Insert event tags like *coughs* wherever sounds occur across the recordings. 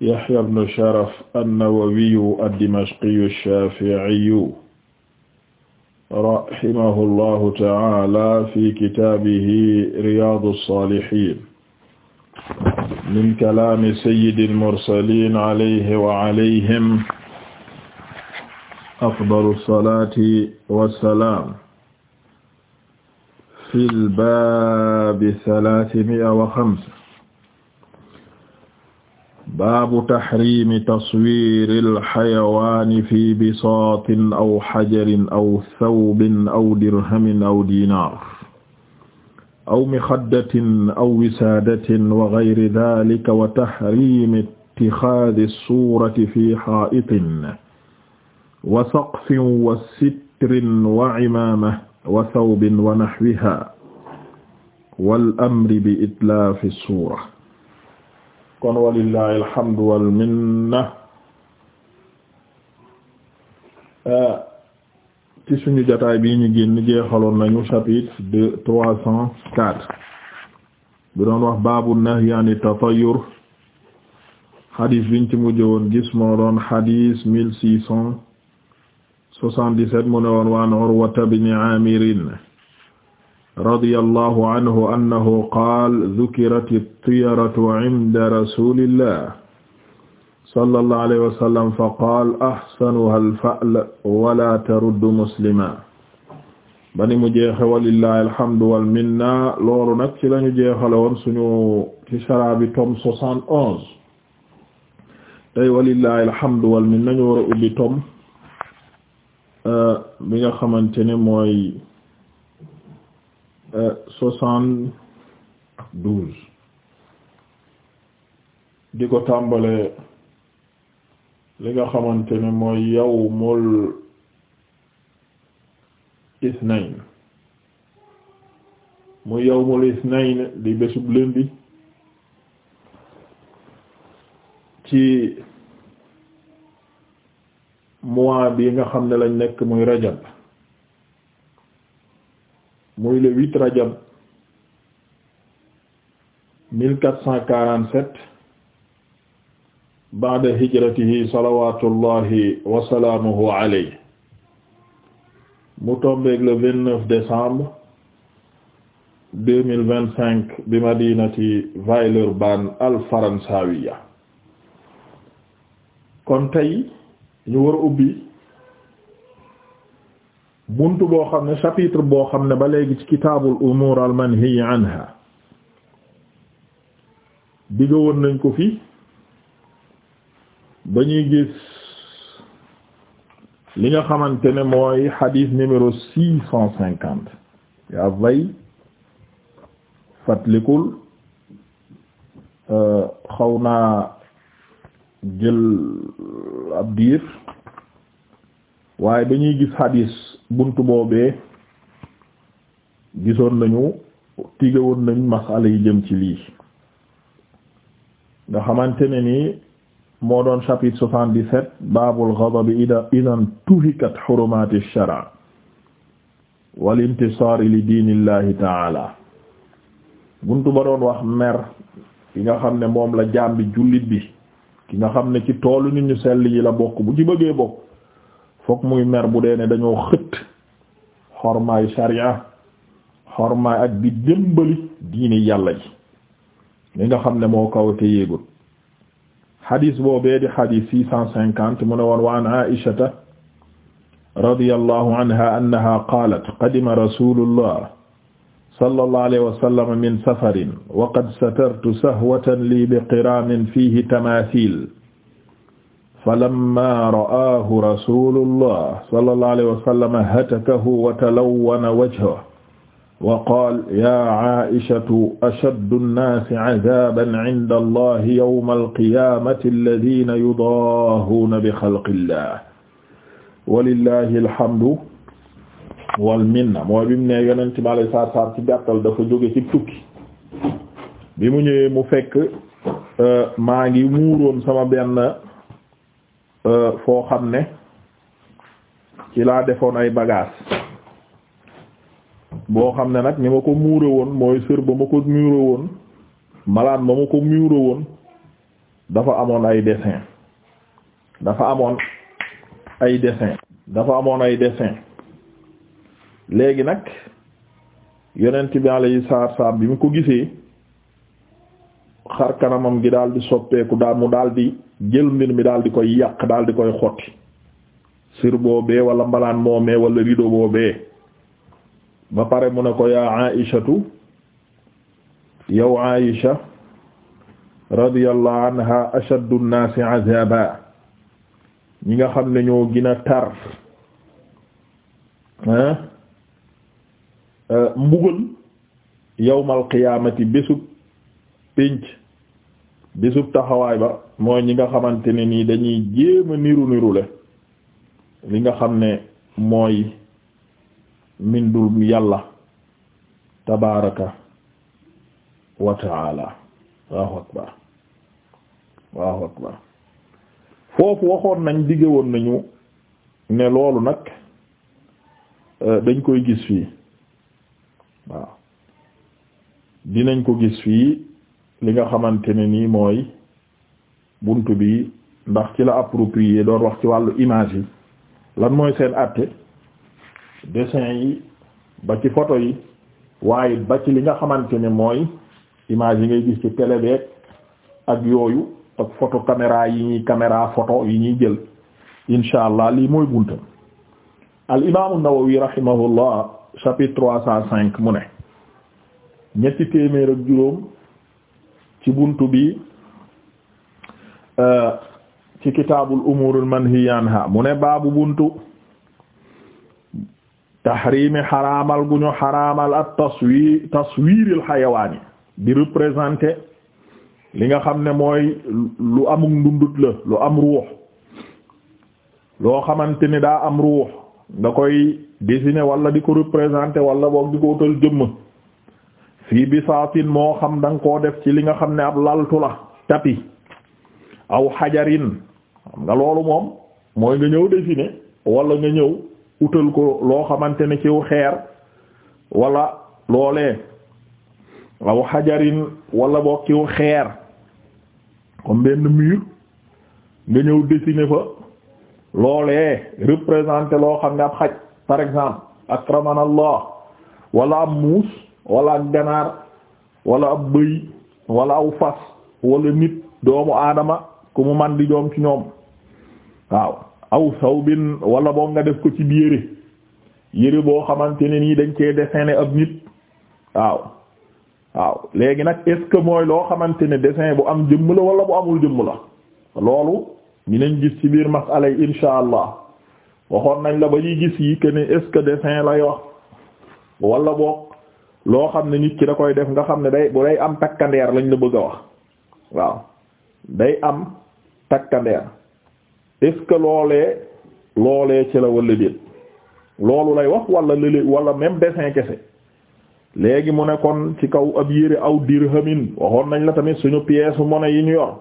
Yahya ibn Sharaf an-Nawawiyu ad-Dimashqiyu ash-Shafi'iyu rahimahullahu ta'ala fi kitaabihi Riyaadu s-Saalihiin min kalaami sayyidil mursaliin alayhi wa alayhim afdalu salaati wa salaam fil baabi salaasimi'a wa xamsa baabu taxrimi taswiri alxayawaani fi bisaatin aw xajarin aw sawbin aw dirhamin aw diinaar aw mixaddatin aw wisaadatin wa gayri daalika wa taxrimi ittixaadi suurati fi xaa'itin wa saqfin wa sitrin wa cimaamatin wa sawbin wa naxwihaa wal amri bi itlaafi suura kon walillahi alhamdu wal minna euh, ci suñu jotaay bii ñu génn jeexaloon nañu chapitre deux trois cent quatre bi doon wax baabu nahyi an tatayyur xadis biñ ci mujj woon gis moo doon xadis mille six cent soixante dix mu ne woon waan Urwata ibn Aamir radiyallahu anhu annahu qaala dukirat at-tiyaratu inda rasulillah sallallahu alayhi wa sallam faqaala ahsanuha al-fa'lu wa laa taruddu musliman bani mu jeexe walillahi alhamdu wal minna loolu nag ci lañu jeexale woon suñu ci sharaabi tome soixante onze tey walillahi alhamdu wal minna ñu war a ubbi tome euh, bi nga xamante ne mooy soixante-douze di ko tàmbale li nga xamante ne mooy yawmul isnayn mu yawmul isnayn di bésub lundi ci mois bi nga xam ne lañ nekk muy rajab muy le huit rajab mille hijratihi salawatullahi wa salaamuhu mu tombeeg le vingt bi madinati Villeurbanne al-faransawiya kon tey ñu war ubbi buntu boo xam ne chapitre boo xam ne ba léegi ci kitaabul umuur al manhiyi anha digga nañ ko fi ba ñuy gis li nga xamante ne mooy hadith numéro six cent cinquante yaa vay fatlikul euh, xaw naa jël ab diir waaye ba ñuy gis hadith buntu boobee gisoon nañu tige woon nañ masala yi jëm ci lii nga xamante ne nii moo doon chapitre soixante-dix-sept baabul ghadabi ida idan tuhikat hurumati shara wal intisaari li diinillahi taala bunt ba doon wax mer ki nga xam ne moom la jàmbi jullit bi ki nga xam ne ci toolu nit ñu sell yi la bokk bu ci bëggee bokk fokk muy mer bu dee ne dañoo xët xormaayu sharia xormaay ak di démbali diini yàlla ji li nga xam ne moo kaw te yéegul xadiis boobee di xadiis six cent cinquante mu ne woon wa an aishata radiyallahu anha annaha qaalat qadima rasulullah sallallahu alayhi wa sallam min safarin wa qad satartu sahwatan li bi qiraamin fihi tamathil falamma ra'aahu rasuulullah sallallahu alayhi wa sallam hatakahu wa talawwana wajhuhu wa qaala yaa Aa'ishatu ashaddu an-naasi 'adhaaban 'inda Allahi yawma al-qiyaamati alladhiina yudaahuuna bi khalqi Allaah walillaahi alhamdu wal minna mooy bi mu ne Yonent bi alayhi salaatu wa salaam ci gàttal dafa jóge ci tukki bi mu ñëwee mu fekk euh, maa ngi muuroon sama benn. Euh, foo xam ne ci laa defoon ay bagages boo xam ne nag ni ma ko muure woon mooy sër ba ma ko muure woon malaan ba ma ko muure woon dafa amoon ay dessin dafa amoon ay dessin dafa amoon ay dessin léegi nag yonent bi alayhi salaatu wa salaam bi mu ko gisee xar kanamam gi daal di soppeeku daal mu daal di jël mbir mi daal di koy yàq daal di koy xotti sir boobee wala mbalaan moomee wala rido boobee ba pare mu ne ko yaa aishatu yow aisha radiyallahu anha ashaddu an-naasi ñi nga xam ne ñoo gën tar ah, ah, mbugal yawmal qiyaamati bésub pénc bisub taxawaay ba mooy ñi nga xamante ne nii dañuy jéem a niru nirule li nga xam ne mooy mindul yàlla tabaraka wa taala waaw akbar waaw foofu waxoon nañ digge nañu ne loolu nag euh, dañ koy gis fii waaw dinañ ko gis fii li nga xamante ne nii mooy buntu bi ndax ci la approprié doon wax ci wàllu image yi lan mooy seen àtte desin yi ba ci photo yi waaye ba ci li nga xamante ne mooy image yi ngay gis ci télé beeg ak yooyu ak photo caméra yi ñuy caméra photo yi ñuy jël insha allah lii mooy buntam al imaamu Nawawi rahimahullah chapitre trois cent cinq mu ne ñetti téeméer ak juróom ci buntu bi euh, ci kitaabul umuuril manhiyyi anhaa mu ne baabu buntu taxriimi xaraamal gu ñu xaraamal ak taswi taswiiril xayawaan yi di représenter li nga xam ne mooy lu am ndundut la lu am ruux loo xamante ni daa am ruux nga koy dessiner wala di ko représenter wala boog di ko utal jëmm fii bisaatin moo xam da nga koo def ci li nga xam ne ab laltu la tapi aw xajarin xam nga loolu moom mooy nga ñëw dessiner wala nga ñëw utal ko loo xamante ne ciw xeer wala loole aw xajarin wala boo kiw xeer comme benn mur nga ñëw dessiner fa loole représenter loo xam ne ab xaj par exemple akramanallah wala am muus wala ak ganaar wala ab bëy wala aw fas wala nit doomu aadama ku mu man di doom ci ñoom waaw aw sawbin wala boo nga def ko ci yére yére boo xamante ne nii dañ cee dessiné ab nit waaw waaw léegi nag est mooy loo xamante ne dessin bu am jëmm la wala bu amul jëmm la loolu dinañ gis ci biir masala yi insha allah waxoon nañ la ba ñuy gis yi que ne est lay wax wala boog loo xam ne nit ki da koy def nga xam ne day bu day am takkandeer lañu la bëgg a wax waaw day am takkandeer est loolee loolee ci la wala déet loolu lay wax wala lële wala même dessin kese léegi mu ne kon ci kaw ab yére aw dirhamin waxoon nañ la tamit suñu pièce monnaie yi ñu yor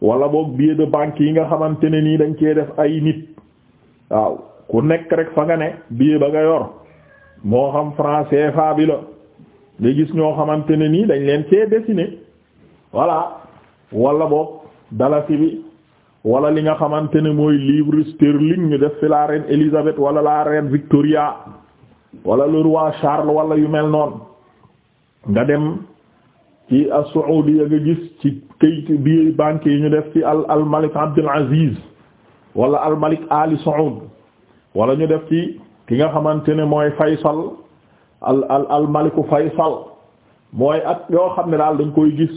wala boog billet de banque yi nga xamante ne nii dañ cee def ay nit waaw ku nekk rek fa nga ne billet ba nga yor moo xam franc CFA nga gis ñoo xamante ne nii dañ leen cee dessiné voilà wala boog dalasi bi wala li nga xamante ne mooy livre sterling ñu def fi la reine Élisabeth wala la reine Victoria wala le roi Charles wala yu mel noonu nga dem ci as-Saoudia nga gis ci kayitu bi banque yi ñu def ci al al Malik Abdul Aziz wala al Malik Ali Saoud wala ñu def ci ki nga xamante ne mooy Faysal al al al maliku faysal mooy ak yoo xam ne daal dañ koy gis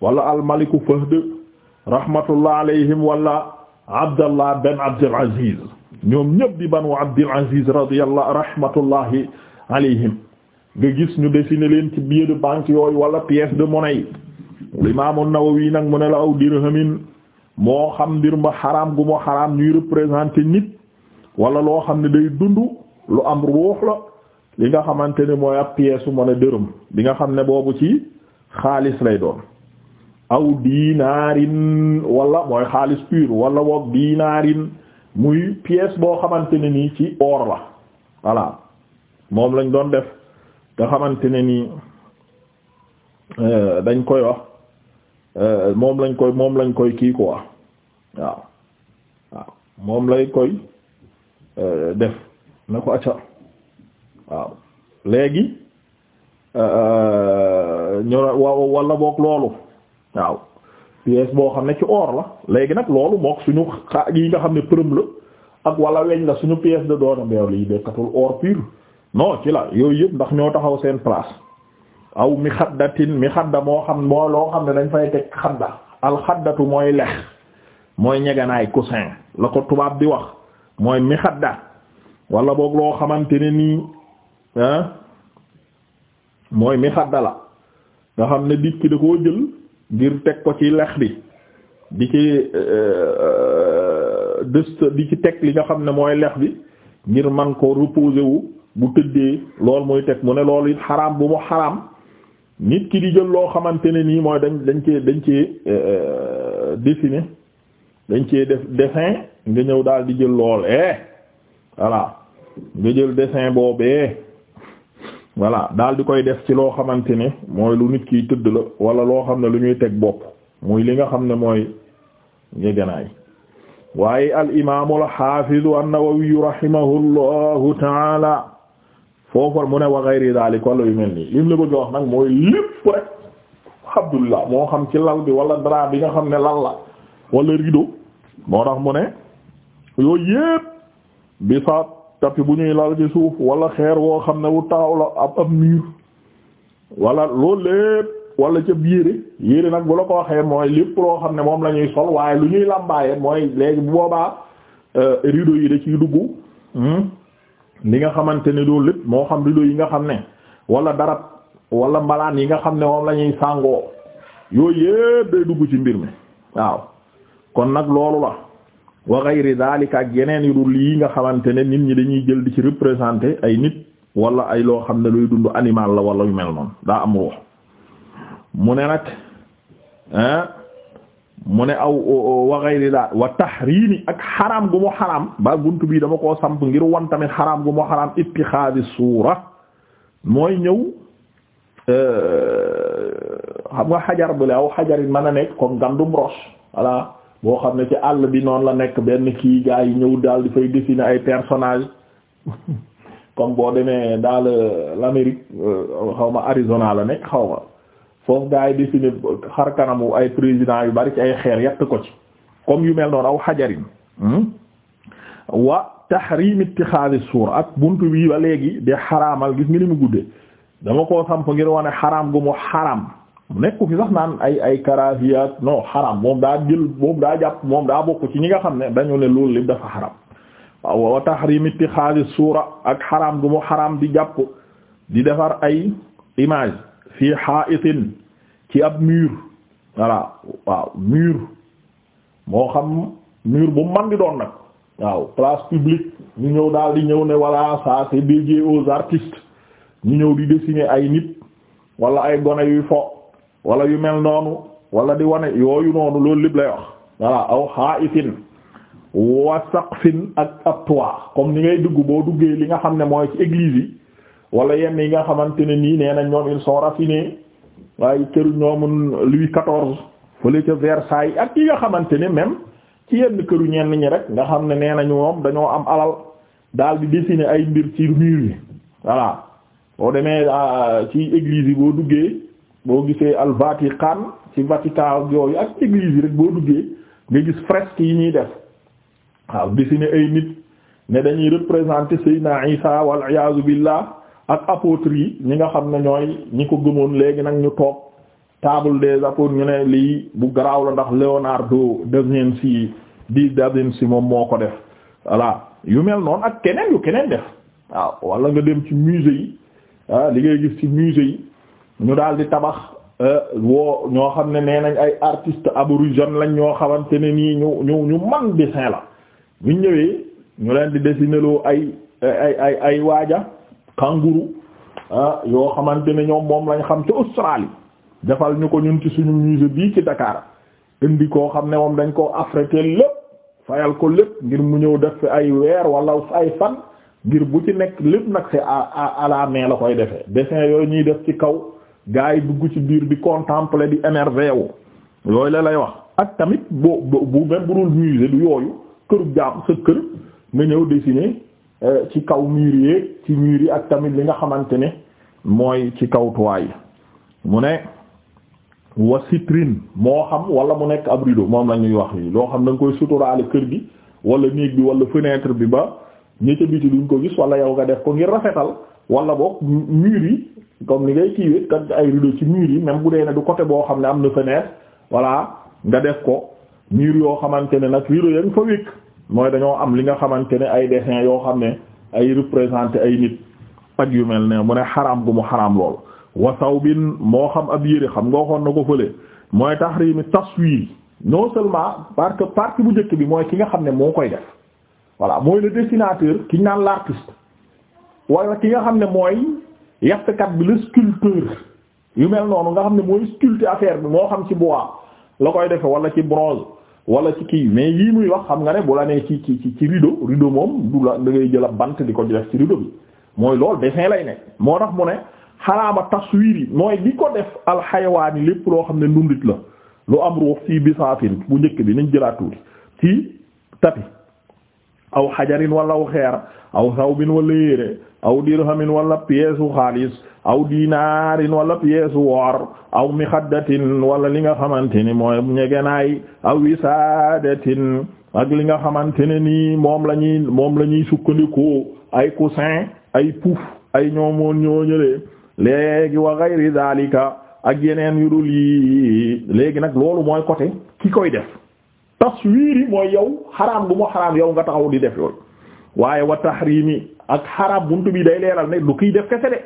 wala al maliku fahd rahmatullah alayhim wala abdallah ben abdul ñoom ñëpp di banu abdul aziz radiyallahu rahmatullahi alayhim nga gis ñu dessiné leen ci billet de banque yooyu wala pièce de nag mu la aw dirhamin moo xam mbir ma xaraam gu ma xaraam ñuy représenter nit wala loo xam ne day dund lu am ruux la li nga xamante ne mooy ab pièce mu ne dërëm bi nga xam ne boobu ci xaalis lay doon aw dinaarin wala mooy xaalis pur wala boog dinaarin muy pièce boo xamante ne nii ci or la voilà moom lañ doon def nga xamante ne nii euh, dañ koy wax euh, moom lañ koy moom lañ koy kii ko waaw waaw moom lay koy euh, def na ko acca waaw léegi euh, euh, ñu wala boog loolu waaw pièce boo xam ne ci oor la léegi nag loolu mook suñu xa yi nga xam ne përëm la ak wala weñ la suñu pièce de doona mbeew la yi dekkatul or pur non ci la yooyu yëpp ndax ñoo taxaw seen place aw mi xaddatin mi xadda moo xam moo loo xam ne dañ fay teg xadda alxaddatu mooy lex mooy ñeganaay coussin la ko tubaab di wax mooy mi xadda wala boog loo xamante nii mooy mi xaddala nga xam ne dikk da koo jël ngir teg ko ci lex bi di ci euh, dëst di ci teg li nga xam ne mooy lex bi ngir man ko reposer wu bu tëddee lool muy teg mu ne loolu it xaram bu mu xaraam nit ki di jël loo xamante ne nii mooy dañ dañ cee dañ ci euh, dessiner dañ cee def dessin nga ñëw daal di jël lool eh voilà nga jël dessin boobee voilà daal di koy def ci loo xamante ne mooy lu nit kiy tëdd la wala loo xam ne lu ñuy teg bopp muy li nga xam ne mooy njeganaay waaye al imaamu al xaafidu an-Nawawi rahimahullahu taala foofu mu ne wa ghayri dalik wala yu mel nii lim la bëgg wax nag mooy lépp rek moo xam ci lal bi wala drap bi nga xam ne lal la wala rideau moo tax mu ne yooyu yépp bi tapi bu ñuy lal ci suuf wala xeer woo xam ne wu taxaw la ab ab miir wala loolu lépp wala ca yére yére nag bu la ko waxee mooy lépp loo xam ne moom la ñuy sol waaye lu ñuy làmbaaye mooy léegi boobaa euh, rideau yi da ciy dugg hmm? li nga xamante ne loolu lépp moo xam rideau yi nga xam ne wala darab wala mbalaan yi nga xam ne moom la ñuy sàngoo yooyu yëpp day dugg ci mbir mi waaw kon nag loolu la wa ghayri daalika ak yeneen yu dul yi nga xamante ne nit ñi dañuy jël di ci représenté ay nit wala ay loo xam ne luy dund animal la walla yu mel noonu daa am ruux mu ne nag ah mu ne aw wa ghayri daal wa tahriimi ak xaram gu mu xaram ba buntu bii dama koo samp ngir wan tamit xaraam gu mu xaraam ittixaadi suura mooy ñëw euh, xam nga xajar bu le aw xajarin ma a nekk kon ngandum roche voilà boo xam ne ci àll bi noonu la nekk benn kii gaa yi ñëw daal di fay dessiner ay personnage *laughs* comme boo demee daal l'Amérique euh, xaw ma Arizona la nekk xaw ma foofu gaa yi dessiner xar kanamu ay président yu bari ci ay xeer yett ko ci comme yu mel noonu aw xajarin hmm? wa tahrim xaalis suura ak buntu bi ba léegi de xaraamal gis nga ni mu guddee dama koo samp ngir wane xaraam gu mu xaram nekku fi sax naan ay ay karaahiyaat non xaram moom daa jël moom daa jàpp moom daa bokk ci ñi nga xam ne dañu ne loolu li dafa xaram waaw wa tahrim ittixaasi suura ak xaram gu mu xaram di jàpp di defar ay image fii ha'itin ci ab mur voilà waaw mur moo xam mur bu man di doon nag waaw place publique ñu ñëw daal di ñëw ne voilà ça c'est aux artistes ñu ñëw di dessiner ay nit wala ay gone yuy fo wala yu mel noonu wala di wane yooyu noonu loolu lépp lay wax voilà aw xaa'itin wa saqfin ak ab toit comme ni ngay duggu boo duggee li nga xam ne mooy ci église yi wala yenn yi nga xamante ne nii nee na ñoom ils sont raffinés waaye këru ñoomun Louis quatorze fële ca Versailles ak yi nga xamante ne même ci yenn këru ñenn ñi rek nga xam ne nee nañu moom dañoo am alal daal di dessiner ay mbir ci mur yi voilà boo demee euh, ci église yi boo duggee boo gisee al Vatican ci Vatican yooyu ak église yi rek boo duggee nga gis fresque yi ñuy def waaw dessiné ay nit ne dañuy représenter Seydina Isa wal iyaazu billah ak apôtres yi ñi nga xam ne ñooy ñi ko gëmoon léegi nag ñu toog table des apôtres ñu ne lii bu garaaw la ndax Leonardo da Vinci di da Vinci moom moo ko def voilà yu mel noonu ak keneen yu keneen def waaw wala nga dem ci musée yi ah li ngay gis ci musée yi. ñu daal di tabax euh, woo ñoo xam ne nee nañ ay artistes aborigènes lañ ñoo xamante ne nii ñu ñu ñu man dessin la ñu ñëwee ñu leen di dessiner loo ay ay ay ay waaja kangourou ah, yoo xamante ne ñoom moom lañ xam ci Australie defal ñu ko ñun ci suñu musée bii ci Dakar indi koo xam ne moom dañ koo affrété lépp fayal ko lépp ngir mu ñëw def fi ay weer walla ay fan ngir bu ci nekk lépp nag si à à la koy defee dessin yooyu ñuy def ci kaw. gaa yi dugg ci biir di contempler di émerveillé wu yooyu la lay wax ak tamit boo bu même bu dul musée du yooyu këru jaam sa kër nga ñëw dessiner euh, ci kaw mur yi ci mur yi ak tamit li nga xamante ne mooy ci kaw toit yi mu ne wa citrine moo xam wala mu nekk ab rideau moom la ñuy wax lii loo xam da nga koy suturaale kër gi wala néeg bi wala fenêtre bi ba ñi ca duñ ko gis wala yow nga def ko ngir rafetal wala boog mur yi comme ni ngay kiiwee kat ay rideau ci mur yi même bu dee ne du côté boo xam ne am na fenêtre voilà nga def ko mur yoo xamante ne nag rideau ya nga fa wékk mooy dañoo am li nga xamante ne ay dessin yoo xam ne ay représenté ay nit ak yu mel ne mu ne xaraam gu mu xaraam lool wasaw bin moo xam ab yére xam nga waxoon na ko fële mooy tax tahrimi taswir non seulement parce que partie bu njëkk bi mooy ki nga xam ne moo koy def voilà mooy le dessinateur ki naan l'artiste ki nga xam ne mooy yàqkat bi la sculpteur yu mel noonu nga xam ne mooy sculpter affaire bi moo xam ci bois la koy defe wala ci bronze wala ci kii mais yii muy wax xam nga ne bu la nee ci ci ci rido rido moom du la da ngay jël ab bant di ko def ci rideau bi mooy loolu dessin lay ne moo tax mu ne xaraama taswiir yi mooy di ko def alxayawaan yi lépp loo xam ne ndundit la lu am ruux fii bisaatin bu njëkk bi nañ jëlaat tuuti ci tapi aw xajarin wala aw xeer aw saw bin wala yére aw dirhamin wala piyeesu xaalis aw dinaarin wala piyeesu wor aw mixaddatin wala li nga xamante ni mooy ñegenaay aw wisaadatin ak li nga xamante ne nii moom la ñuy moom la ñuy sukkandikoo ay coussin ay pouf ay ñoomoon ñoo ñëlee léegi wa gayri daalika ak yeneen yu dul yi léegi nag loolu mooy côté ki koy def taswiiri mooy yow xaraam bu mu xaraam yow nga taxaw di def yooyu waaye wa tahrimi ak xaraam buntu bi day leeral ne lu kiy def kese de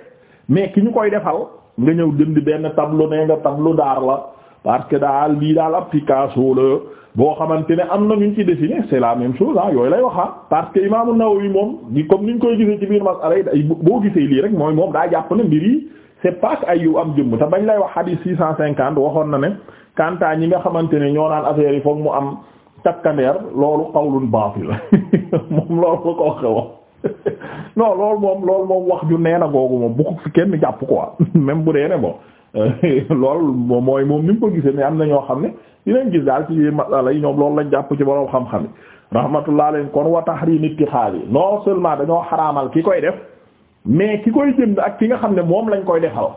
mais ki ñu koy defal nga ñëw jënd benn tableau ne nga tableau daar la parce que daal lii daal ab Picasso la boo xamante ne am na ñu ci dessiné c'est la même chose ah yooyu lay waxaat ah. parce que Imaamu Nawawi moom di comme niñ koy gisee ci biir masala yi boo gisee lii rek mooy moom daa jàpp ne mbir yi c'est pas ay yu am jëmm te bañ lay wax hadith waxoon na ne kanta ñi nga xamante ne ñoo naan affaire yi foog mu am takkandeer loolu qawlun baatil *laughs* moom loolu ko ko xew *laughs* non loolu moom lool moom wax ju neena googu moom bu ko fi kenn jàpp quoi *laughs* même bu dee ne lool loolu mooy moom ni mu ko gisee ne am na ñoo xam ne yi dinañ gis daal ci masala yi ñoom loolu lañ jàpp ci borom xam-xam yi rahmatullah leen kon wa tahrim ittixaal yi non seulement dañoo xaraamal ki koy def mais ki koy jënd ak ki nga xam ne moom lañ koy defal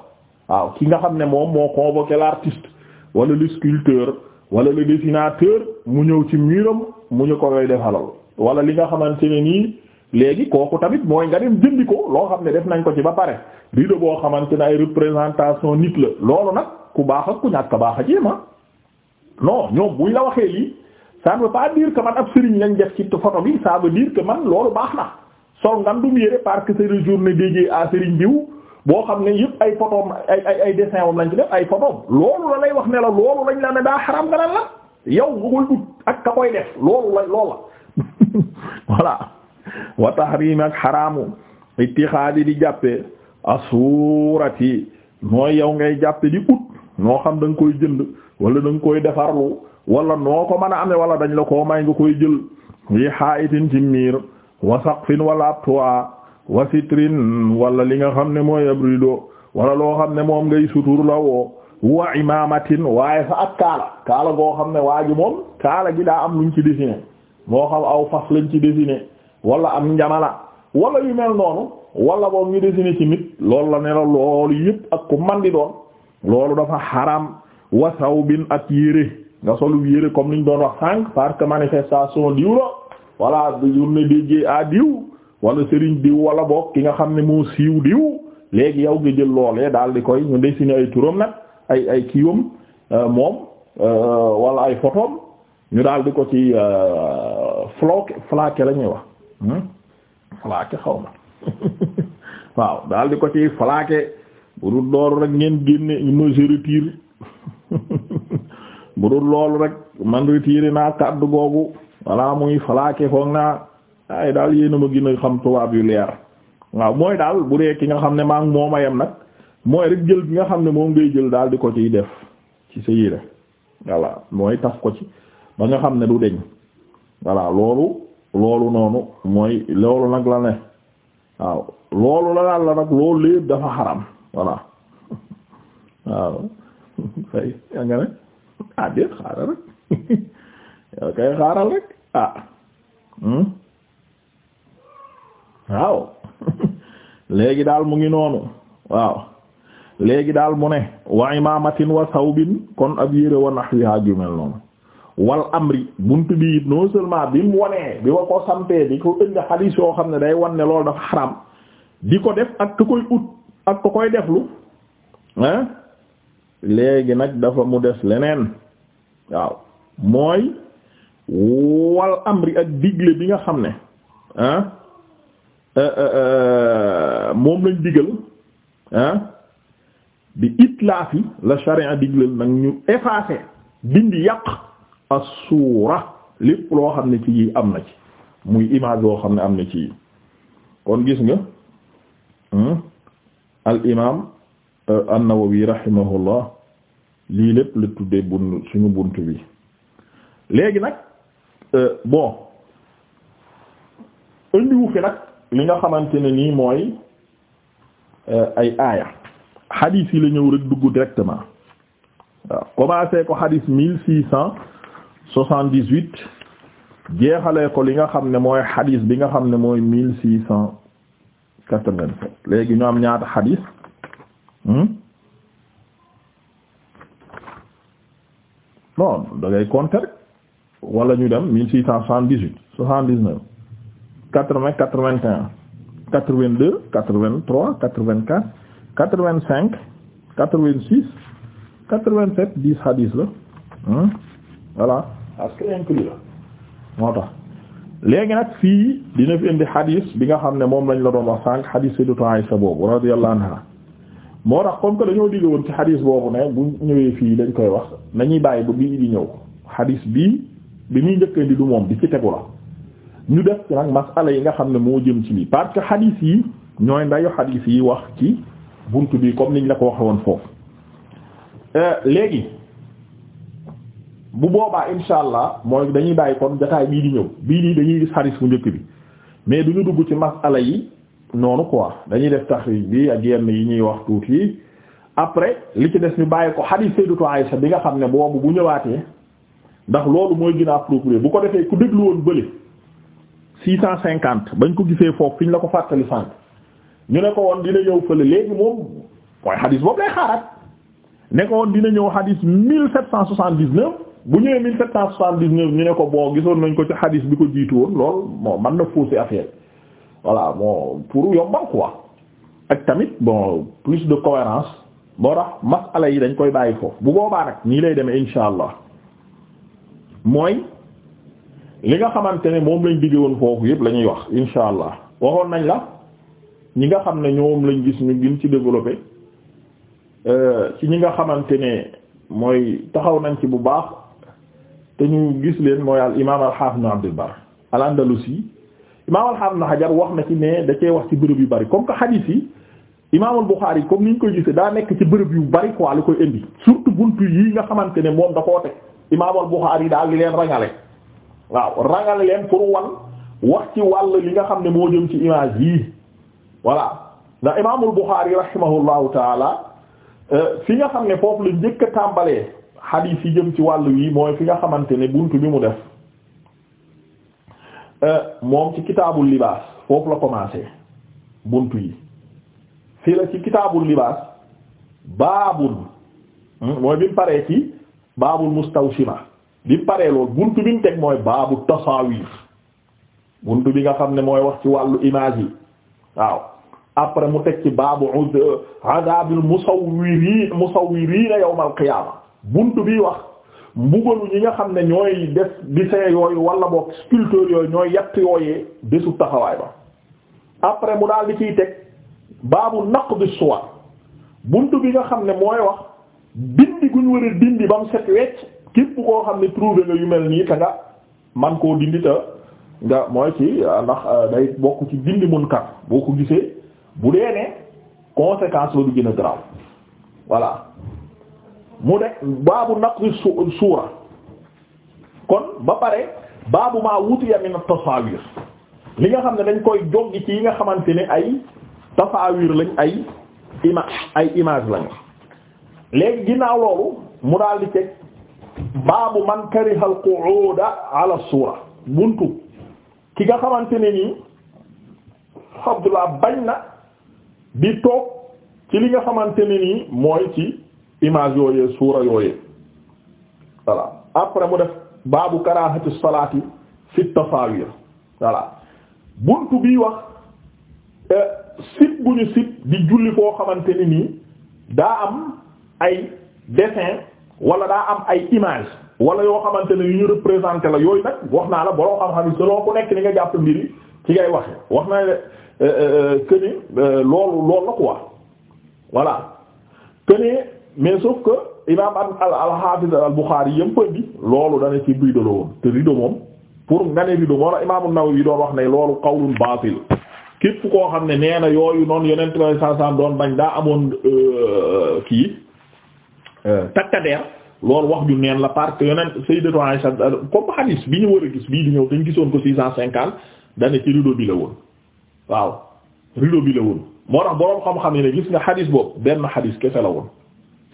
wala le sculpteur wala le dessinateur mu ñëw ci muram mu ñu ko koy defalal wala li nga xamante ne nii léegi kooku tamit mooy nga dem jëndi ko loo xam ne def nañ ko ci ba pare rideau boo xamante ne ay représentation nit la loolu nag ku baax ak ku ñàkk baax a jéem non ñoom buñ la waxee lii ça ne veut pas dire man ab sëriñ lañ def ci photo bi ça veut dire que man loolu baax na sol ngandum yére parce que c'est le journée dédiée à sëriñ diw boo xam ne yëpp ay photos ay ay ay dessin wam lañ ci def ay photos loolu la lay wax ne la loolu lañ la ne daa xaram nga la yow nga koy ut ak ka koy def loolu la loolu la *laughs* wa tahrim ak xaraamu di jàppe asurati mooy yow ngay jàppe di ut noo xam da koy jënd wala da koy defar defarlu wala noo ko mën a amee wala dañ la ko may nga koy jël yi xaayitin ci miir wasaqfin wala toa wa sitrin wala li nga xam ne mooy ab rido wala loo xam ne moom ngay sutur la woo wa imamatin waaye fa ak kaala kaala goo xam ne waa ji moom kaala gi daa am lu ñu ci dessiné moo xam aw fas lañ ci dessiné wala am njamala wala yu mel noonu wala boom ñu dessiné ci nit loolu la ne loolu yëpp ak ku man di doon loolu dafa xaram wasaw bin ak yére nga solu yére comme liñ doon wax sànq parce que manifestation diw la wala journée déjee à diw wala sëriñ diw wala boog ki nga xam ne moo siiw diw léegi yow nga jël loole daal di koy ñu dessiné ay turam nag ay ay kiiwam euh, moom euh, walla ay photom ñu daal ko ci floqué euh, flaqué la ñuy wax hmm? flaqué xaw ma *laughs* waaw daal ko ci flaqué bu dul loolu rek ngeen génne ma je retire *laughs* bu dul loolu rek man retiré naa kàddu googu wala muy flaqué foog naa ay daal yéena ma gën a xam tubaab yu leer waaw mooy daal bu dee ki nga xam ne maa ngi mooma yem nag mooy rek jël ki nga xam ne moom ngay jël daal di ko ciy def ci sa yére voilà mooy taf ko ci ba nga xam ne du deñ voilà loolu loolu noonu mooy loolu nag la ne waaw loolu la daal la nag loolu lépp dafa xaram voilà *laughs* waaw *laughs* fay yaa nga ne ah déet xaaral rek *laughs* yow kay xaaral rek ah hmm? waaw *laughs* léegi daal mu ngi noonu waaw léegi daal mu ne wa imamatin wa sawbin kon ab yére wa nahwiha yu mel noonu wal amri buntu bi it non seulement bi mu wonee bi ma ko sampee di ko indi xadiis yoo xam ne day wan ne loolu dafa xaram di ko def ak ku koy ut ak ku koy deflu ah léegi nag dafa mu des leneen waaw mooy wal amri ak digle bi nga xam ne ah Euh, euh, euh, moom lañ digal ah bi itlaafi la sharia diglal nag ñu effacer dindi yàq as-suura lépp loo xam ne ci yi am na ci muy image loo xam ne am na ci yi kon gis nga hmm, al imaam an-Nawawi rahimahullah lii lépp la tuddee bun suñu bunt bi léegi nag bon indiwu fi nag li nga xamante ne nii mooy euh, ay aaya xadiis yi la ñëw rek dugg directement waaw commencé ko xadiis mille six cent soixante-dix-huit jeexalee ko li nga xam ne mooy xadiis bi nga xam ne mooy mille six cent quatre-vingt-sept léegi ñu am ñaata xadiis hmm? non da ngay compter ñu dem mille six cent soixante-dix-huit soixante-dix-neuf 80 81 82 83 84 85 86 87 10 hadis la hmm? voilà parce que inclus la moo tax léegi nag fii dina fi indi hadis bi nga xam ne moom lañ la doon wax sànq hadis Sayyidatu Aisha boobu radiyallahu anha moo tax comme que dañoo digg woon ci hadis boobu ne bu ñëwee fii dañ koy wax nañuy bàyyi ba bii di ñëw hadis bii bi muy njëkk indi du moom bi ci tegu la ñu def ci nag masala yi nga xam ne moo jëm ci lii parce que xadiis yi ñooy ndayu xadiis yi wax ci bunt bi comme niñ la ko waxe woon foofu euh, léegi bu boobaa insha allah mooy dañuy bàyyi kon bii di ñëw bii nii dañuy gis bu njëkk bi mais duñu dugg ci masala yi noonu quoi dañuy def taxriij bi ak yenn yi ñuy wax tuuti après li ci des ñu bàyyi ko xadiis Sayyidatu Aïsha bi nga xam ne boobu bu ñëwaatee ndax loolu mooy gën a approprié bu ko defee ku déglu woon bële six cent cinquante bañ ko gisee foofu fi ñu la ko fàttali sànq ñu ne ko woon dina ñëw fële léegi moom mooy xadis boobu lay xaaraat ne ko woon dina ñëw xadis mille sept cent soixante dix neuf bu ñëwee mille sept cent soixante dix neuf ñu ne ko bon gisoon nañ ko ci xadis bi ko jiitu woon lool moo man na faussé affaire voilà moo pour yombal quoi ak tamit bon plus de cohérence boo tax masala yi dañ koy bàyyi foofu bu boobaa nag nii lay demee insha allah mooy. li nga xamante ne moom lañ digge woon foofu yëpp la ñuy wax insha allah waxoon nañ la ñi nga xam ne ñoom lañu gis ñu gën ci développé euh, ci ñi nga xamante ne mooy taxaw nañ ci bu baax te ñu gis leen mooy al imaam al hafiz Abdul Bar al Andalusi imaam al hafiz Hajar wax na ci ne da cee wax ci bërëb yu bari comme que hadith yi imaamul Buxaari comme ni ñu koy gisee daa nekk ci bërëb yu bari quoi lu koy indi surtout bunt yi nga xamante ne moom da koo teg imaamul yi daal di leen rangale. waaw ragal leen pour wan wax ci wàll li nga xam ne moo jëm ci image yii voilà ndax imaamul Buxaari rahimahullahu taala euh, fi nga xam ne foofu la njëkk a tàmbalee xadiis yi jëm ci wàll wii mooy fi nga xamante ne bunt bi mu def euh, moom ci kitaabul libaas foofu la commencé bunt yi fii la ci kitaabul libaas baabul hmm, mooy bi mu paree ci baabul mustawshima bi mu paree lool buntu bi mu teg mooy baabu tasawir buntu bi nga xam ne mooy wax ci wàllu image yi waaw après mu teg ci baabu adabil musawwiri musawwirina yawmal qiyaama buntu bi wax mbugalu ñi nga xam ne ñooy def dessin yooyu wala boog sculpteur yooyu ñooy yatt yooyee desu taxawaay ba après mu daal di ciy teg baabu naqdi suwar buntu bi nga xam ne mooy wax dindi guñ war a dindi ba mu set wecc képp koo xam ne trouvé nga yu mel nii te nga man koo dindi te nga mooy ci ah, ndax ah, day bokk ci dindi munkar boo ko gisee bu dee ne conséquence la du gën a graw voilà mu de baabu naqdi su suura kon ba pare baabu maa wutiya min tasawir li nga xam ne dañ koy joggi ci yi nga xamante ni ay tasawir lañ ay ima ay image lañ léegi ginnaaw loolu mu daal di teg baabu man kariha al qu'uda ala suura buntu ki nga xamante ne nii Abdullah bañ na di toog ci li nga xamante ni nii mooy ci image yooyee suura yooyee voilà après mu def baabu karahati salaati fi tasawir voilà buntu bii wax e, sib bu sib di julli foo xamante ni nii daa am ay dessin wala daa am ay image wala yoo xamante ne yu ñu représenté la yooyu nag wax naa la borom xam-xam yi selon ku nekk ni nga jàpp mbir ci ngay waxe wax naa ne euh, euh, euh, que ni loolu loolu la quoi voilà que ni mais sauf que imaam al al-Hafiz al-Bukhari yam pëndi loolu dana ci rido la woon te rido moom pour nga ne rido moo la imaam an doon wax ne loolu qawlun baatil képp koo xam ne nee na yooyu noonu yeneen tubaab yi doon bañ daa amoon kii. Euh. takkadeer loolu wax ju neen la parce que yonent Sayyidatu Aisha comme hadis bi ñu war a gis bii di ñëw te ñu gisoon ko six cent cinquante dane ci rideau bi la woon waaw rideau bi la woon moo tax boroom xam-xam ne gis nga hadis boobu benn hadis kese la woon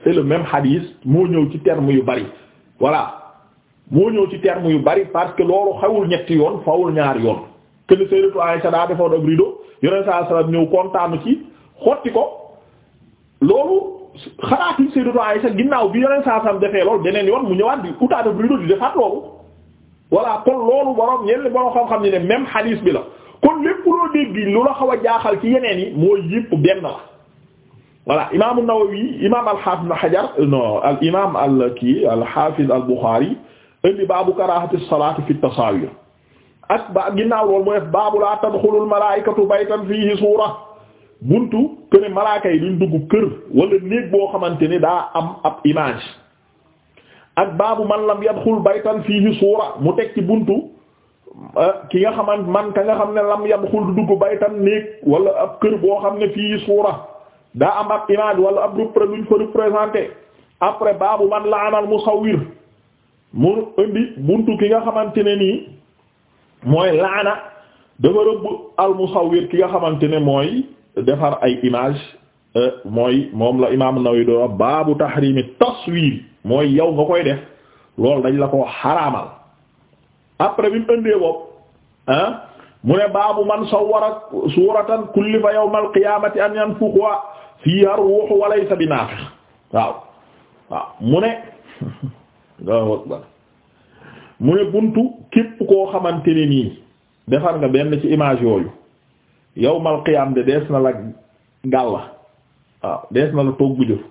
c'est le même hadis moo ñëw ci terme yu bari voilà moo ñëw ci terme yu bari parce que loolu xawul ñetti yoon fawul ñaari yoon kene Sayyidatu Aisha daa defoon sa rideau yonent saa sallam ñëw kontaanu ci xotti ko xalaatu Sayyidatu Aisha ginnaaw bi yeneen saa sam defee loolu beneen yoon mu ñëwaat di utaata brudo di defaat loolu voilà kon loolu borom ñenn borom xam-xam ni ne même hadis bi la kon lépp loo dégg lu la xaw a jaaxal ci yeneen yi mooy yëpp benn la voilà imaamu Nawawi imaam al-Hafiz Ibn Hajar non al imaam al kii al-Hafiz al-Bukhari indi baabu karaahati salaati fi tasawir ak ba ginnaaw loolu mu def baabu laa tadxulul malaa'ikatu baytan fiihi suura buntu que ne yi duñ duggu kër wala néeg boo xamante ni daa am ab image ak baabu man lam yadxul baytan fiihi suura mu teg ci buntu euh, ki nga xamante man ka nga xam ne lam yadxul du dugg baytan néeg wala ab kër boo xam ne fii suura daa am ab image wala ab repré luñ fa représenté après baabu man la'anal musawwir mu indi buntu ki nga xamante ne nii mooy laana dafa rëbb al musawwir ki nga xamante ne mooy. defar ay image euh, mooy moom la imaam Nawawi doo wax baabu tahrimi taswir mooy yow nga koy def loolu dañ la ko xaraamal après bi mu ëndee bopp mu ne baabu man sawwara suratan kullifa yawmal qiyaamati an yanfukha fiha ruuhu wa laysa bi naafikh waaw waaw mu ne *laughs* mu ne buntu képp koo xamante ne nii defar nga benn ci image yooyu yawmal qiyaam de dees na la gàlla waaw dees na la togg jëf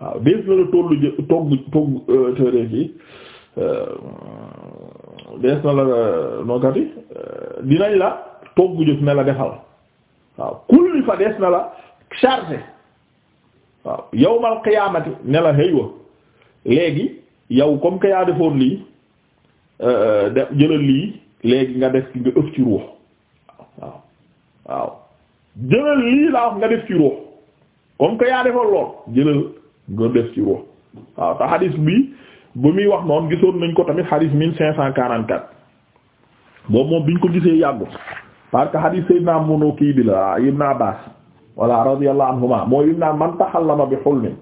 waaw dees na la tollu jëf togg togg euh, tëree ci euh, dees na la euh, nokkati dinañ la togg jëf ne la defal waaw kulli fa dees na la chargé waaw yawmal qiyaamati ne la hëy léegi yow comme que yaa defoon lii de jëlal lii léegi nga def ki nga ëf ci ruux waaw waaw jëlal lii laa wax nga def ci ruux comme que yaa defal lool jëlal nga def ci ruux waaw te xadis bi bu muy wax noonu gisoon nañ ko tamit xadis mille cinq cent quarante-quatre boobu moom biñ ko gisee yàggu parce que xadis sayyidina mono kii bi la ibn Abbas walla radiyallahu anhuma mooy ibn man taxallama bi xulmin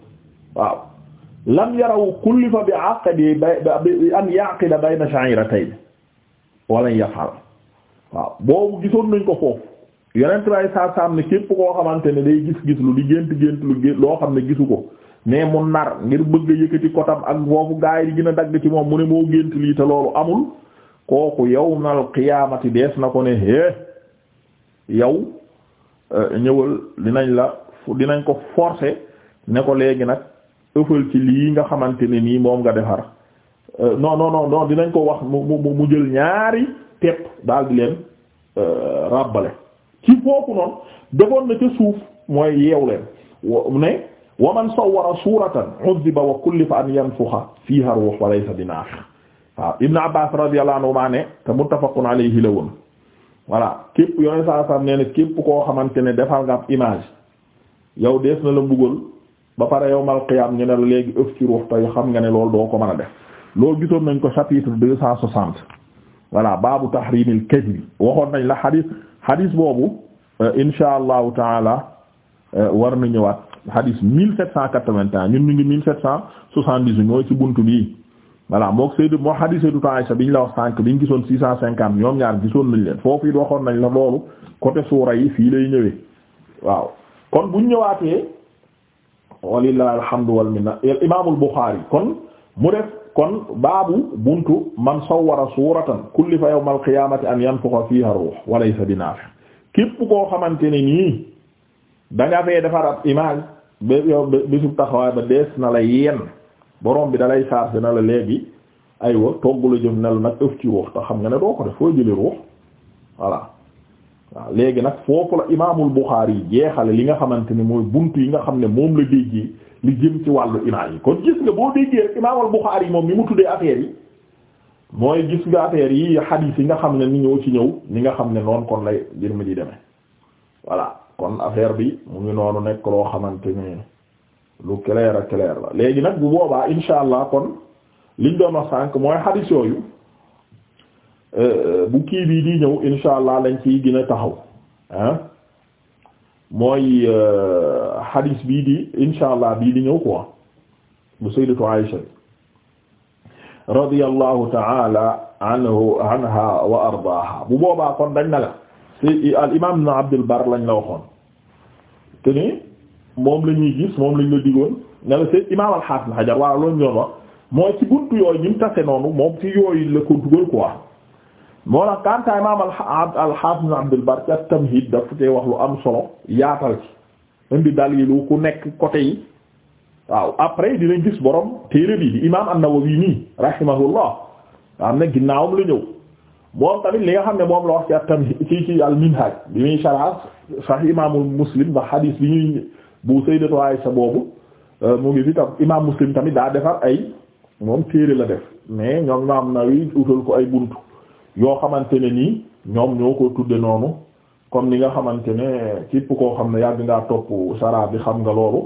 waaw lam yaraw kullifa bi aqdi bi an yaqida bayna sha'iratayn wala yafal waaw boobu gisoon nañ ko foofu yeneen yonent bay saasaam ne képp koo xamante ne day gis-gis lu di gént gént lu loo xam ne gisu ko ne mu nar ngir bëgg a yëkkati kotam ak foofu gaa yi di gën a dagg ci moom mu ne moo gént lii te loolu amul kooku yow yawmal qiyaamati dees na ko ne hee eh, yow eh, ñëwal dinañ la dinañ ko forcer ne ko léegi nag ëffal ci lii nga xamante ne nii moom nga defar eh, non non non dinañ ko wax mu mu mu jël ñaari tepp daal di leen ràbbale ci foofu noonu defoon na ca suuf mooy yeew leen ne wa man sawwara suratan uzziba wa kullifa an yanfuxa a ruux wa laysa binaafiq waaw ibn abbas radiyallahu anhu maa ne te muttafaqun alayhi la woon voilà képp yone saa saa képp koo xamante ne defal nga ab image yow dees na la mbugal ba pare yawmal qiyaam ñu ne léegi ëf ci ruux tey xam nga ne loolu doo ko man a def lool gisoon nañ ko chapitre deux cent soixante voilà baabu tahrimil kadhib waxoon nañ la hadith xadis boobu euh, insha allahu taala euh, war na ñëwaat xadis mille sept cent quatre-vingt-un ñun ñu ngi mille sept cent soixante-dix-huit mooy ci buntu bii voilà moo Seydou moo xadis Seydou Aïcha bi ñu la wax sànq bi ñu gisoon six cent cinquante ñoom ñaar gisoon nañ leen foofu it waxoon nañ la loolu côté suura yi fii lay ñëwee waaw kon buñ ñëwaatee walillahi alhamdu wal minna imaamul Buxaari kon mu def kon baabu bunt man sawwara suuratan kullifa yawmal qiyaamati an yanfukha fiiha ruux wa laysa binaafiq képp koo xamante ne nii da nga fee defar ab image ba yow bisub taxawaay ba dees na la yenn boroom bi dalay chargé na la léegi aywa toggula jëf na la nag ëf ci ruux te xam nga ne doo ko def foo jële ruux voilà waaw léegi nag foofu la imaamul Buxaari yi jeexale li nga xamante ne mooy bunt yi nga xam ne moom la déggee li ci wàllu inaa yi kon gis nga boo déggee rek imam al-Bukhari moom ni mu tuddee affaire yi mooy gis nga affaire yi hadith yi nga xam ne ni ñëw ci ñëw ñi nga xam ne noonu kon lay jër mi di demee voilà kon affaire bi mu ngi noonu nekk loo xamante ne lu clair a clair la léegi nag bu boobaa insha allah kon liñ doon wax sànq mooy hadith yooyu euh, bu kii bii di ñëw insha allah lañ ciy gën taxaw ah mooy euh, hadis bii di insha allah bii di ñëw quoi bu sayyidatu Aisha radiyallahu ta'ala anha wa ardaaha bu boobaa kon dañ na la al imaam ibn Abdul Barr lañ la waxoon te ni moom la ñuy gis moom lañ la digoon ne la si al-Hafiz Hajar waaw loolu ñu wax mooy ci buntu yooyu ñu tase noonu moom ci yooyu la ko dugal quoi. moo tax kantaa imaam al-Hafiz Abdul Barr ci at daf ci wax lu am solo yaatal ci indi dalilu ku nekk côté yi waaw après di dinañ gis borom téere bi di imaam an-Nawawi nii rahimahullah am na ginnaawam la ñëw moom tamit li nga xam ne moom la wax ci at-Tamhid ci ci al bi muy sharh Sahih imaamul Muslim ndax xadiis bi ñuy bu Sayyidatu Aisha boobu euh, mu ngi fi tam imaam Muslim tamit daa defar ay moom téere la def mais ñoom imaam Nawawi utal ko ay buntu yoo xamante ne nii ñoom ñoo ko tudde noonu comme ni nga xamante ne képp koo xam ne yàgg ngaa topp sara bi xam nga loolu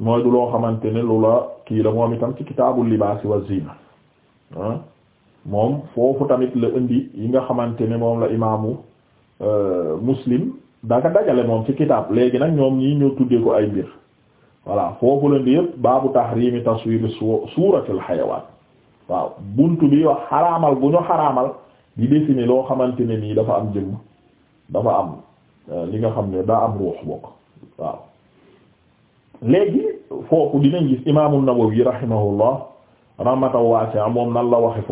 mooy du loo xamante ne lu la kii la moom itam ci kitaabul libaasi wa zina moom foofu tamit la indi yi nga xamante ne moom la imaamu euh, muslim danga dajale moom ci kitaab léegi nag ñoom ñii ñoo tuddee ko ay mbir voilà foofu la ndi yëpp baabu tahrimi taswiri suuratil xayawaan waaw buntu bi wax xaraamal bu ñu xaraamal di définir loo xamante ne nii dafa am jëmm dafa am euh, li nga xam ne daa am ruux bokk waaw léegi foofu dinañ gis imaamu Nawawi rahimahullah rahmatan wasi'a moom nan la waxe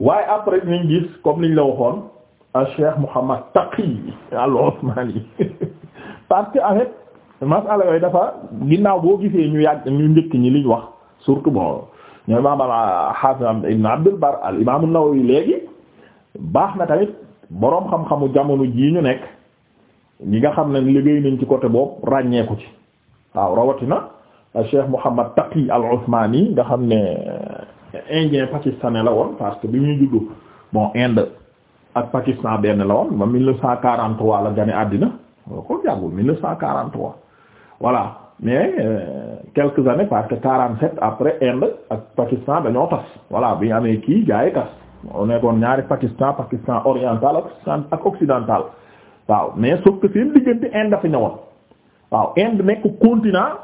waaye après dinañ gis comme niñ la waxoon a Cheikh Muhammad Taqi al-Usmani *laughs* parce que avec masala yooyu dafa ginnaaw boo gisee ñu yàgg ñu njëkk ñi liñ wax surtout bon ñoo imaam al-Hafiz Ibn Abdul Bar al-Imam nawawi léegi baax na tamit boroom xam-xamu jamono jii ñu nekk ñi nga xam ne liggéey nañ ci côté boobu ràññeeku ci waaw rawatina Cheikh Mouhammad Taqi al-Usmani nga xam ne euh, indien pakistanais la woon parce que bi ñuy juddu bon Inde ak Pakistan benn la woon ba 1943 la gane àddina loo ko jàggul 1943 voilà mais euh, quelques années parce que 47 après Inde ak Pakistan dañoo tas voilà bi ñu amee kii gaa yi tas moo nekkoon ñaari Pakistan Pakistan oriental ak occidental waaw mais sauf que seen diggante Inde dafa ñëwoon waaw Inde nekk continent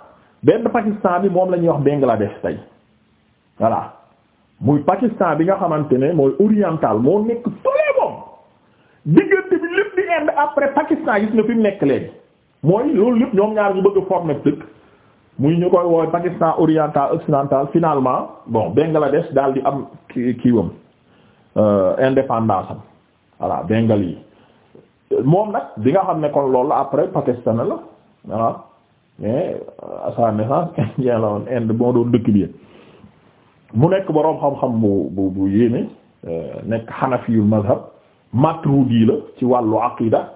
benn Pakistan bi moom la ñuy wax Bangladesh tey voilà muy Pakistan bi nga xamante ne mooy oriental moo nekk sole moom diggante bi lépp di Inde après Pakistan gis nga fi mu nekk léegi mooy loolu lépp ñoom ñaar ñu bëgg a former dëkk muy ñu koy woowe Pakistan oriental occidental finalement bon Bangladesh daal di am ki kiiwam Euh, indépendance am voilà bengali moom nag bi nga xam ne kon loolu la après pakistanais la voilà mais euh, à sa naissance indien *laughs* la woon Inde moo doon dëkk bi mu nekk boroom xam-xam bu bu bu yéene euh, nekk xanafiyul mazhab la ci wàllu aqida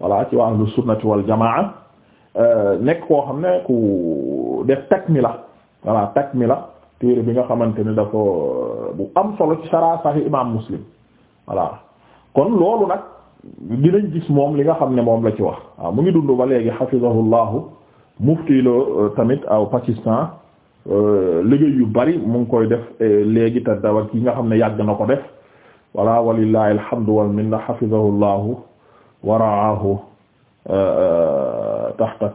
voilà ci wàllu sunnati wal jamaa nekk koo xam ne ku def takmila voilà takmila téere bi nga xamante ne dafa bu am solo ci sara saxi imam muslim voilà kon loolu nag dinañ gis moom li nga xam ne moom la ci wax waaw mu ngi dund ba léegi hafizahullahu mufti la euh, tamit aw Pakistan euh, liggéey yu bari mu ngi koy def léegi te dawat yi nga xam ne yàgg na ko def voilà walillahi alhamdu wal minna hafizahullahu wa ra'ahu euh, tahta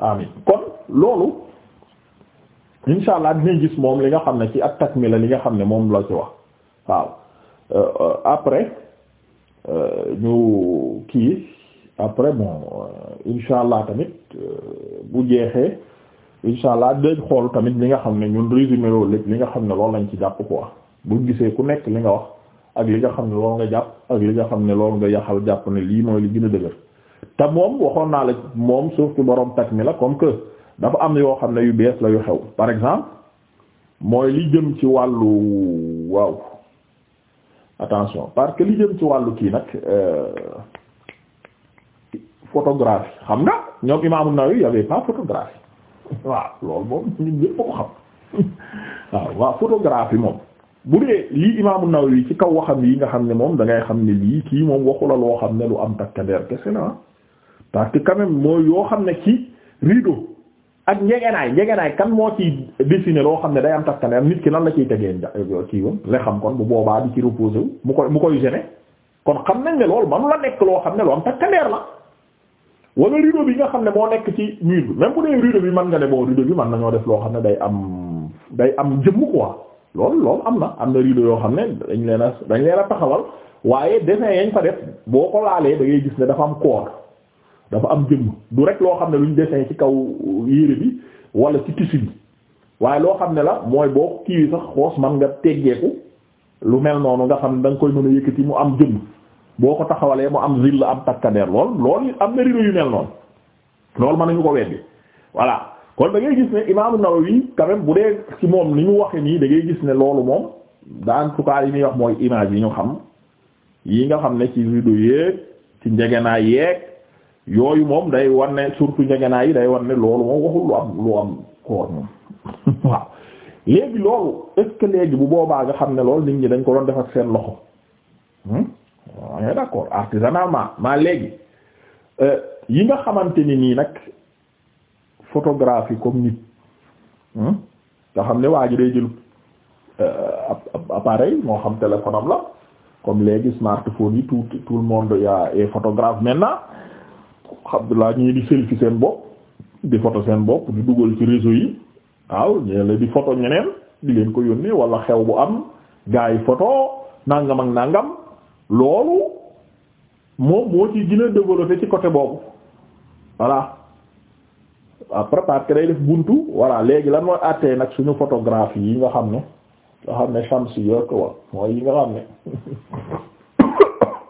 amin kon loolu insha allah dinañ gis moom li nga xam ne ci ak la li nga xam ne moom la ci wax waaw euh, euh, après euh, ñu kii après bon insha allah tamit bu jeexee insha allah dinañ xool tamit li nga xam ne ñun résumé loolu lépp li nga xam ne loolu lañ ci jàpp quoi buñ gisee ku nekk li nga wax ak li nga xam ne loolu nga jàpp ak li nga xam ne lool nga yaxal jàpp ne lii mooy li gën a dëgër te moom waxoon naa la moom surtout mi la comme que. dafa am yoo xam ne yu bees la yu xew par exemple mooy li jëm ci wàllu waaw attention parce que li jëm ci wàllu kii nag euh, photographie xam nga ñoom Imaamu Nawawi y avait pas photographie waaw loolu moom ñun ñépp ko xam *laughs* waaw waaw photographie moom bu dee lii Imaamu Nawawi ci kaw waxam yi nga xam ne moom da ngay xam ne lii kii moom waxu la loo xam ne lu am takkandeer kese la ah. parce que quand mooy yoo xam ne kii rideau ak njegeenaay njegeenaay kan moo ci dessiné loo xam ne day am takkane am nit ki lan la ciy tegee euh, kii woon la xam kon bu boobaa di ci reposé wu mu koy mu koy gêné kon xam nañ ne loolu manu la nekk loo xam ne loo am takkaneer la wala rideau bi nga xam ne moo nekk ci mur bi même bu dee rideau bi mën nga ne bon rideau bi man nañoo def loo xam ne day am day am jëmm quoi loolu loolu am na am na rideau yoo xam ne dañ leen a dañ leen a taxawal waaye dessin yañ fa def boo ko laalee da ngay gis ne dafa am corps dafa am jëmm du rek loo xam ne lu ñu defee ci kaw yére bi wala ci tissu waaye loo xam ne la mooy boo kii sax xoos man nga teggeeku lu mel noonu nga xam ne da nga koy mën a yëkkati mu am jëmm boo ko taxawalee mu am zil la am takkandeer lool lool am na rido yu mel noonu loolu mën nañu ko weddi voilà kon da ngay gis ne imaamu Nawawi quand même bu dee ci moom ni ñu waxe nii dangay gis ne loolu moom daa en tout yi ñuy wax mooy image yi ñu xam yi nga xam ne ci rido yeeg ci njëgënaay yeeg. yooyu moom day wan ne surtout yi day wan ne loolu moom waxul lu am lu am koor moom *laughs* waaw léegi loolu est léegi bu boobaa nga xam ne lool nit ñi dañ ko doon def seen loxo hmm? waaw d'accord artisanalement maa léegi euh, yi nga xamante ni nii nag photographie comme nit hmm? nga xam ne waa ji day jël euh, appareil moo xam téléphone am la comme léegi smartphone yi tout tout le monde y a est photographe Abdullah ñii di selfie seen bopp di photo seen bopp di dugal ci réseau yi waaw ñee di photo ñeneen di leen ko yónnee wala xew bu am gaa yi photo nangam ak nangam loolu moom moo ci gën a développé ci côté boobu voilà après parce day def buntu voilà léegi lan mooy àttee nag suñu photographie yi nga xam ne nga xam ne chamsi yo ko wax mooy yi nga xam ne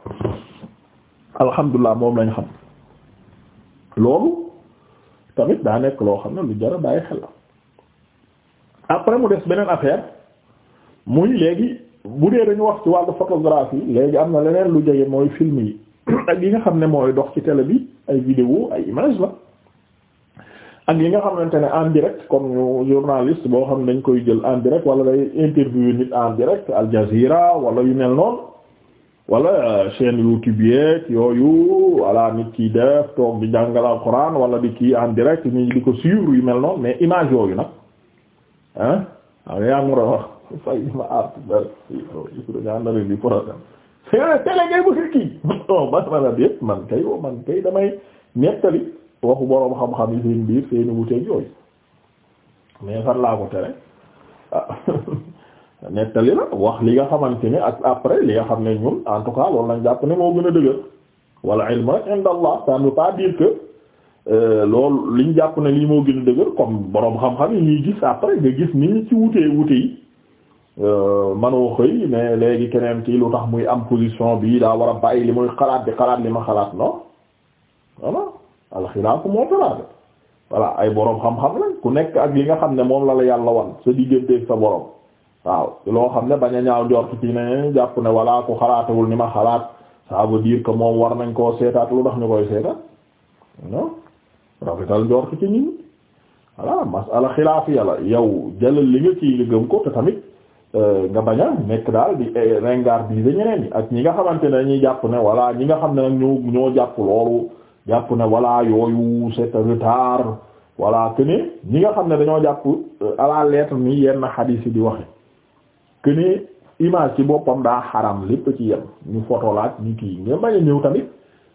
*coughs* alhamdulilah moom lañ xam loolu tamit daa nekk loo xam ne lu jar a bàyyi xel la après mu des beneen affaire muy léegi bu dee dañu wax ci wàllu photographie léegi am na leneen lu jege mooy film yi *clears throat* ak yi nga xam ne mooy dox ci télé bi ay vidéo ay image la ak yi nga xamante ne en direct comme ñu journaliste boo xam ne dañ koy jël en direct wala day interviewer nit en direct Al Jazeera yu mel noonu wala chaîne YouTube yeeg yooyu wala nit ki def toog di jàngal alxuraan wala di kii en direct ñu di ko suivre yu mel noonu mais image yooyu nag ah waaw yaa ngi wax *laughs* fay ma aat ngay bëgg kii *laughs* man ma oh, man kay damay nettali waxu boroom xam-xam yi seen biir seen wuteeg yooyu mais fan laa ko tere ah, *laughs* nettali la wax li nga xamante ne ak après li nga xam ne ñun en tout cas loolu lañ jàpp ne moo gën a dëgër wala ilmu rek inda allah ça ne veut pas dire que euh, loolu liñ jàpp ne lii moo gën a dëgër comme boroom xam-xam yi ñuy gis après nga gis ni ñu ci wutee wute yi euh, manoo xëy ne léegi keneen kii lu tax muy am position bi daa war bàyyi li muy xalaat bi xalaat li ma xalaat non voilà alxilaafu moo taraade voilà ay boroom xam-xam la ku nekk ak li nga xam ne moom la la yàlla wan sa sa boroom waaw loo xam ne bañ a ñaaw njort ci ne jàpp ne walla ku xalaatawul ni ma xalaat ça veut dire moom war nañ koo seetaat lu tax ñu koy seetaat non rafetal njort ci yow jëlal li nga tamit euh, nga bañ a nekk daal eh, ñi nga xamante ne dañuy jàpp ne walla ñi nga xam ne nag ñoo jàpp loolu jàpp ne walla yooyu c'est retard voilà que ñi nga xam ne dañoo jàpp euh, à la lettre ni yenn xadiis di waxe que ne image ci boppam daa xaram lépp ci yem ñu photo laaj ñu kii nga bañ a ñëw tamit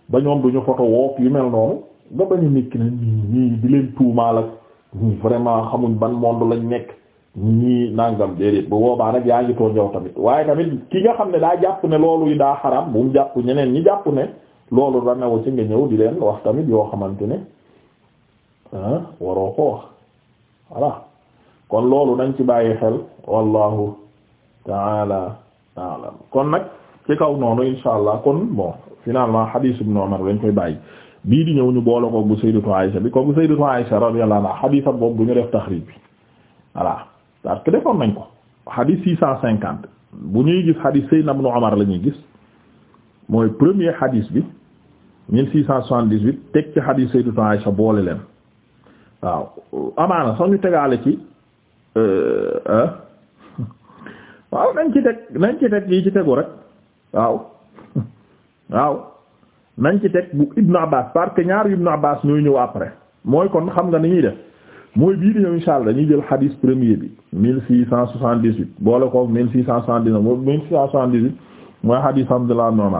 ba ñoom du ñu photo wook yu mel noonu nga bañ a nekk na di leen tuumaal ak ñii vraiment xamuñ ban monde lañ nekk ñii nangam déedéet bu boobaa nag yaa ngi toog yow tamit waaye tamit ki nga xam ne daa jàpp ne loolu yi daa xaram bu mu jàpp ñeneen ñi jàpp ne loolu da newu ci nga ñëw di leen wax tamit yoo xamante ne ah waroo ko wax voilà kon loolu nañ ci bàyyi xel wallahu ta'ala a'lam kon nag ci kaw noonu insha allah kon bon finalement hadith ibn Umar lañ koy bàyyi bii di ñëw ñu boole ko bu sayyidatu Aisha bi ko bu sayyidatu Aisha radiyallahu anha hadith am boobu du ñu def taxrib bi voilà parce que defoon nañ ko hadith six cent cinquante bu ñuy gis hadith sayyidna ibn Umar la ñuy gis mooy premier hadith bi mille six cent soixante-dix-huit teg ci hadith sayyidatu Aisha boole leen waaw amaana sax ñu tegaale ci euh, waaw nañ ci teg nañ ci teg yi ci tegu rek waaw *laughs* waaw nañ ci teg bu Ibn Abbas parce que ñaar Ibn Abbas ñooy ñëw après mooy kon xam nga ni ñuy def mooy bii di ñëw insha Allah dañuy jël xadiis premier bi mille six cent soixante-dix-huit boole ko mille six cent soixante-dix-neuf mooy mille six cent soixante-dix-huit mooy xadiis Abdullah ibn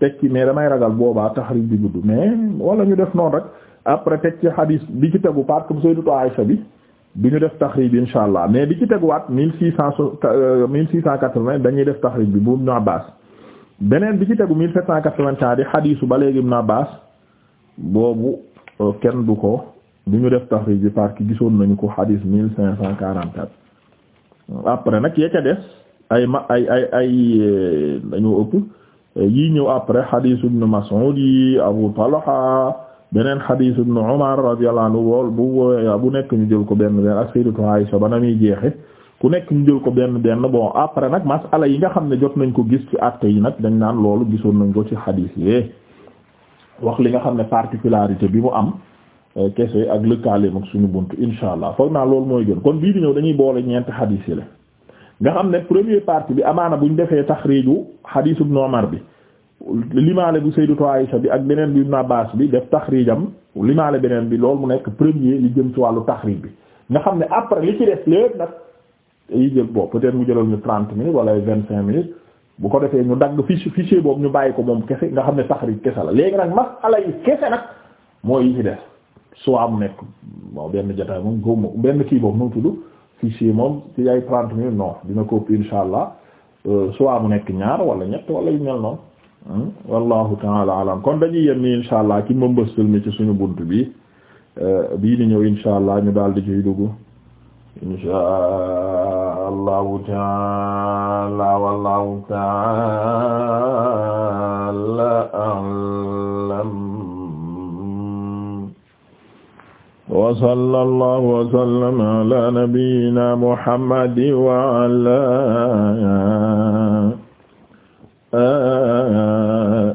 teg ci mais damay ragal boobaa taxrij bi gudd mais wala ñu def noonu rek après teg ci xadiis bi ci tegu parce que Sayyidatu Aisha bi du ñu def taxrib insha allah mais bi ci teguwaat mille six cent euh, mille six cent quatre-vingt dañuy def taxrib bi bu naa Abbas beneen bi ci tegu mille sept cent quatre-vingt-quatre yi xadiisu ba léegi naa Abbas boobu euh, kenn du ko du ñu def taxrib bi parce gisoon nañu ko xadiis mille cinq cent quarante-quatre après nag yecca des ay ma ay ay ay euh, dañoo ëpp yii ñëw après xadiisu Ibn Mas'ud yi Abu Talha beneen xadiis ibnu Umar radiyallahu anhu wool bu wooya bu nekk ñu jël ko benn benn ak sayyidatu Aysa ba na muy jeexe ku nekk ñu jël ko benn benn bon après nag masala yi nga xam ne jot nañ ko gis ci àtte yi nag dañ naan loolu gisoon nañ ko ci xadiis yi wax li nga xam ne particularité bi mu am euh, kese ak lëkkaaleem ak suñu bunt insha allah foog naa loolu mooy gën kon bii di ñëw dañuy boole ñeenti xadiis yi la nga xam ne premier partie bi amaana buñ defee taxriiju xadiis ibnu Umar bi limaale bu Sayyidatu Aisha bi ak beneen bi Ibn Abbas bi def taxrijam limaale beneen bi loolu mu nekk premier li jëm ci wàllu tax taxrij bi nga xam ne après li ci def lépp nag mu jëlal ñu trente minutes wala vingt cinq minutes bu ko defee ñu dagg fiche fichier boobu ñu bàyyi ko moom kese nga xam ne taxrij kese la léegi nag masala yi kese nag mooy yi ci def soit mu nekk bon benn jotaay moom góob benn kii boobu nu mu tudd moom ci ay trente minutes non dina ko ëpp insha allah euh, soit mu nekk ñaar wala ñett wala yu mel noonu. Hmm? wallahu taala alam kon dañuy yem ni insha allah ci mbëmbëstal mi ci suñu bunt bi euh, bii di ñëw insha allah ñu daal di ciy dugg insha allahu taala wallahu alam